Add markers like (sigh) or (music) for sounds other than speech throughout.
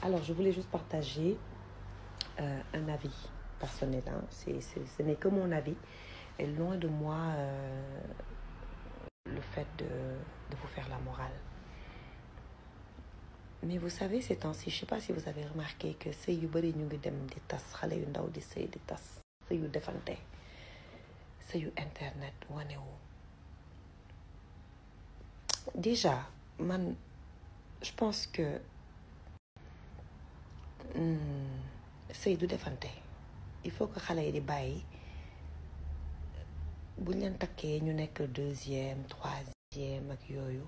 Alors, je voulais juste partager euh, un avis personnel. Hein. C est, ce n'est que mon avis. Et loin de moi euh, le fait de, de, vous faire la morale. Mais vous savez, ces temps-ci, je ne sais pas si vous avez remarqué que c'est yu bari ñu ngi dem di tas xalé yu ndaw di di tas c'est yu Defante, c'est yu internet wané Déjà, man je pense que c'est hmm. du defante il faut que xalé yi di bàyyi buñ len takké ñu nekk deuxième troisième ak yoyu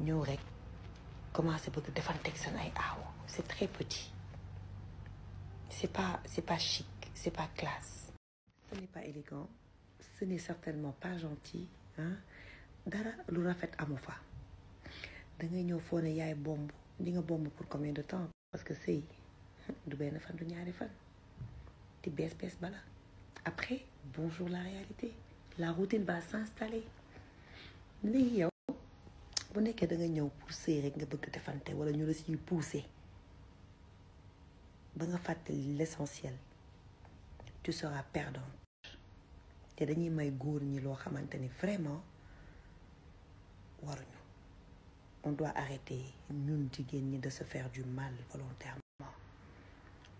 ñeu rek commencer bëgg defanteeg seen ay aaw c'est très petit c'est pas c'est pas chic c'est pas classe ce n'est pas élégant ce n'est certainement pas gentil ah dara lu rafet amu fa da ngay ñeu foo ne yaay bomb di nga bomb pour combien de temps parce que c'est du benn fan du ñaari fan di bees bees bala après bonjour la réalité la routine va s'installer léegi yow bu nekkee da nga ñëw pour sëy rek nga bëgg defante wala ñu la siy poussé ba nga fàttali l'essentiel tu seras perdant te dañuy may góor ñi loo xamante ni vraiment waruñu on doit arrêter ñun jigéen ñi de se faire du mal volontairement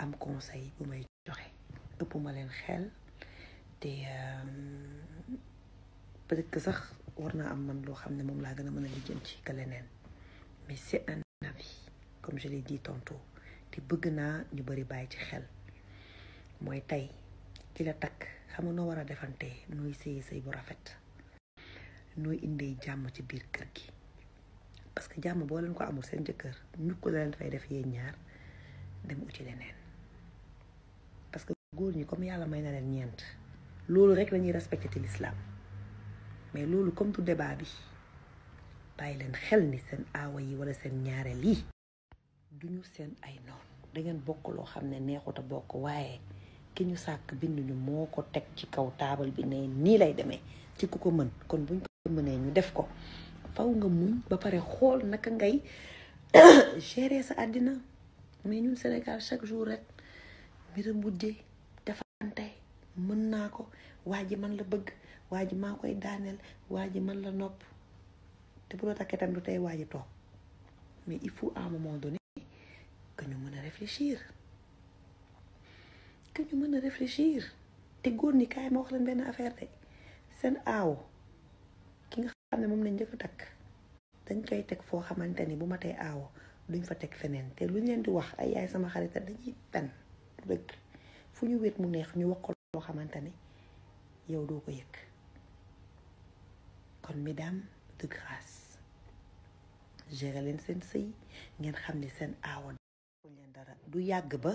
am conseil bu may joxe ëpp ma leen xel te euh, peut-être sax war naa am man loo xam ne moom laa gën a mën a lijjanti ci que leneen mais c'est un avis comme je l'ai dit tantôt te bëgg naa ñu bari bàyyi ci xel mooy tey ki la takk xam nga noo war a defante nooy sëye sëy bu rafet nooy indee jàmm ci biir kër gi parce que jàmm boo leen ko amul seen jëkkër ñu ko leen fay def yéen ñaar dem uti leneen góor ñi comme yàlla may na leen ñeent loolu rek lañuy respecté ci l'islam mais loolu comme du débat bi bàyyi leen xel ni seen aawa yi wala seen ñaareel yi duñu seen ay noon da ngeen bokk loo xam ne neexut a bokk waaye ki ñu sàkk binduñu moo ko teg ci kaw taabal bi ne nii lay demee ci ku ko mën kon buñ ko mënee ñu def ko faw nga muñ ba pare xool naka ngay (coughs) gérer sa àddina mais ñun Sénégal chaque jour rek mbiram wujjee mën naa ko waa ji man la bëgg waa ji maa koy daaneel waa ji man la nopp te bu la takkee tam du tey waa ji toog mais il faut à un moment donné que ñu mën a réfléchir que ñu mën a réfléchir te góor ñi kaay ma wax leen benn affaire de seen aaw ki nga xam ne moom lañ njëkk a takk dañ koy teg foo xamante ni bu ma tey aaw duñ fa teg feneen te luñ leen di wax ay yaay sama xarita dañuy fen du dëgg fu ñu wéet mu neex ñu wax lo xamante yow do ko yek kon mesdames de grâce géré len sen sey ngeen xamni sen seen ko duñ dara du yag ba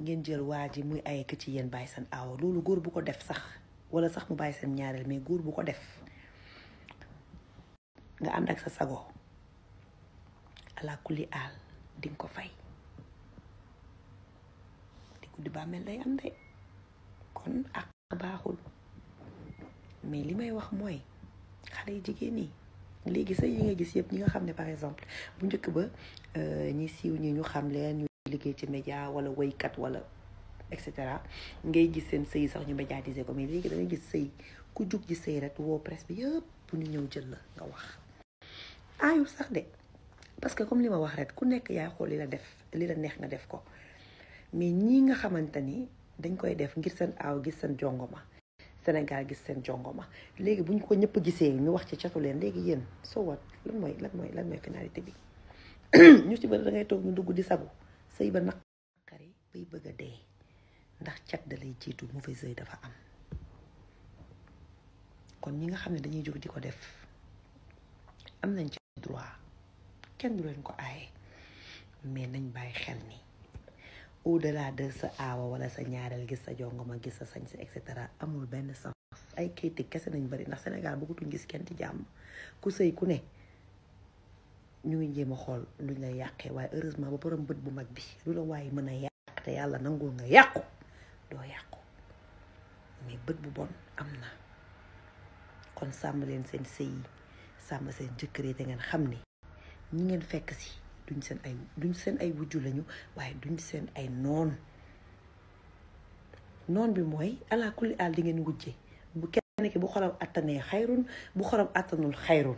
ngeen jël waji muy ay ci yeen bay sen aawa lolu goor bu ko def sax wala sax mu bay sen ñaareel mais goor bu ko def nga and ak sa sago ala kuli al, ding ko fay di di bamel day am day kon ak baaxul mais li may wax mooy xale yu jigéen yi léegi sax yi nga gis yëpp ñi nga xam ne par exemple bu njëkk ba euh, ñi siiw ñi ñu xam leen ñu liggéey ci média wala woykat wala et cetera ngay gis seen sëy sax ñu médiatisé ko mais léegi gis sëy ku jug ji sëy rek woo presse yëpp bu ñu ñëw jël la nga wax aayul sax de parce que comme li ma wax rek ku nekk yaa xool li la def li la neex nga def ko mais ñi nga xamante ni dañ koy def ngir seen aw gis seen jongoma Sénégal gis seen jongoma léegi buñ ko ñëpp gisee ñu wax ci catu leen léegi yéen so wat lan mooy lan mooy lan mooy finalité bi (coughs) ñu ci bëri da ngay toog ñu dugg di sagu sëy ba naqari bay bëgg a dee ndax cat da lay jiitu mauvais sëy dafa am kon ñi nga xam ne dañuy jóg di ko def am nañ ci droit kenn du leen ko aaye mais nañ bàyyi xel ni au delà de sa aawa wala sa ñaareel gis sa jongoma gis sa sañ si et cetera amul benn sens ay kayit kese nañ bari ndax Sénégal bëggatuñ gis kenn ci jàmm ku sëy ku ne ñu ngi jéem a xool luñ la yàqee waaye heureusement ba borom bët bu mag bi lu la waaye mën a yàq te yàlla nangul nga yàqu doo yàqu mais bët bu bon am na kon sàmm leen seen sëy yi sàmm seen jëkkër yi te ngeen xam ni ñi ngeen fekk si duñ seen ay duñ ay wujju lañu waaye duñ seen ay noon noon bi mooy ala kulli àll di ngeen wujje bu kenn ki bu xolam attanee xayrun bu xolam attanul xayrun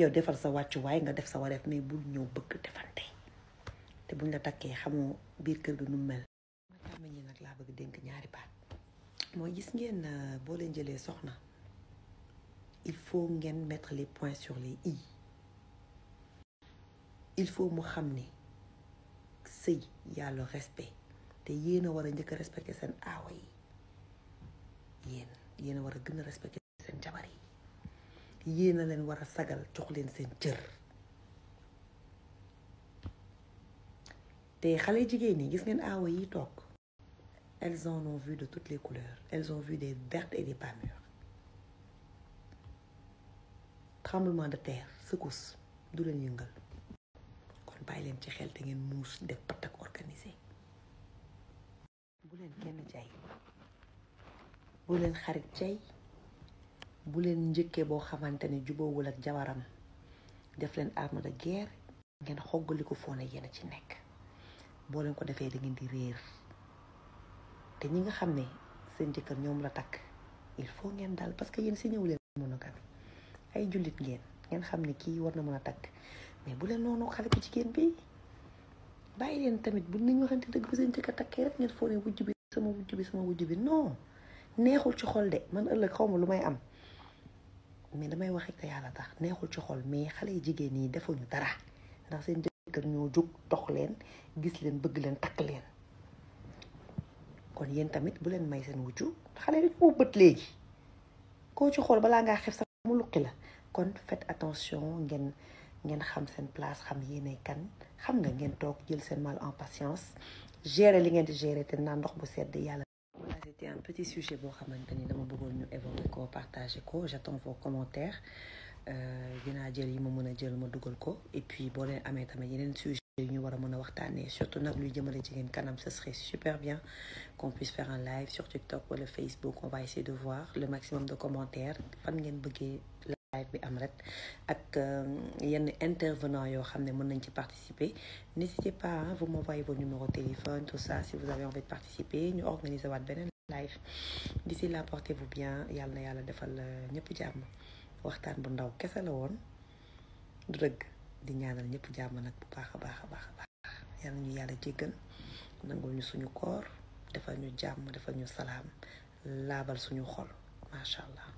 yow defal sa wàccuwaay nga def sa wareef mais bul ñëw bëgg defante te buñ la takkee xamoo biir kër gi nu mel. ma ñi nag laa bëgg dénk ñaari baat mooy gis ngeen euh, boo leen jëlee soxna il faut ngeen mettre les points sur les i. il faut mu xam ni sëy yàlla respect te yéen a war a njëkk a respecté seen aawa yi yéen yéen a war a gën a respecté seen jabar yi a leen war a sagal jox leen seen cër te xale jigéen yi gis ngeen aawa yi elles en ont vu de toutes les couleurs elles ont vu des vertes et des pas mûres tremblement de terre secousse du leen yëngal bàyyi leen ci xel te ngeen muus def pat ak organisé bu leen kenn jay bu leen xarit jay bu leen njëkkee boo xamante ne juboowul ak jabaram def leen arme de guerre ngeen xoggali ko foo ne yéen ci nekk boo leen ko defee da di réer te ñi nga xam ne seen jëkkër ñoom la takk il faut ngeen daal parce que yéen si ñëw leen a monogamie ay jullit ngeen ngeen xam ne kii war na mën a takk bu leen noonu xale bu jigéen bi bàyyi leen tamit bu nit ñu waxante dëgg bu seen jëkk a takkee rek ngeen foo ne wujj bi sama wujj bi sama wujj bi non neexul ci xol de man ëllëg xaw ma lu may am mais damay wax te yàlla tax neexul ci xol mais xale yi jigéen yi defuñu dara ndax seen jëkkër ñoo jóg dox leen gis leen bëgg leen takk leen kon yéen tamit bu leen may seen wujju xale yi dañoo bët léegi koo ci xool balaa ngaa xef sax mu luqi la kon faites attention ngeen ngeen xam seen place xam yéenay kan xam nga ngeen toog jël seen mal en patience gérer li ngeen di gérer te naan ndox bu sedd yàlla. voilà c'était un petit sujet boo xamante ni dama bëggoon ñu évoquer ko partager ko j'attends vos commentaires euh, dinaa jël yi ma mën a jël ma dugal ko et puis boo leen amee tamit yeneen sujet yu ñu war a mën a waxtaanee surtout nag luy jëmale jigéen kanam ce serait super bien qu'on puisse faire un live sur TikTok wala Facebook on va essayer de voir le maximum de commentaires fan ngeen bëggee live bi am rek ak euh, yenn intervenant yoo xam ne mën nañ ci participer n'hésitez pas hein, vous m'envoyez vos numéros téléphone tout ça si vous avez envie de participer ñu organiser waat beneen live d'ici là portez-vous bien yàlla na yàlla defal euh, ñëpp jàmm waxtaan bu ndaw kese la woon du di ñaanal ñëpp jàmm nag bu baax a baax a baax a baax yàlla ñu yàlla jéggal nangul ñu suñu koor defal ñu jàmm defal ñu salaam laabal suñu xol macha allah.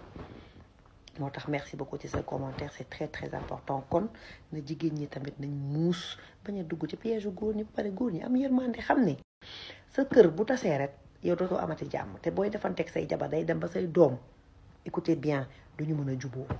motax merci beaucoup ci sa commentaire c'est très très important kon na jigéen ñi tamit nañ muus baña a dugg ci piège goor ñi paré goor góor ñi am yermandé xamné sa kër bu tassé rek yow dootoo amati té boy booy defanteeg say jaba day dem ba say dom écoutez bien duñu mëna mën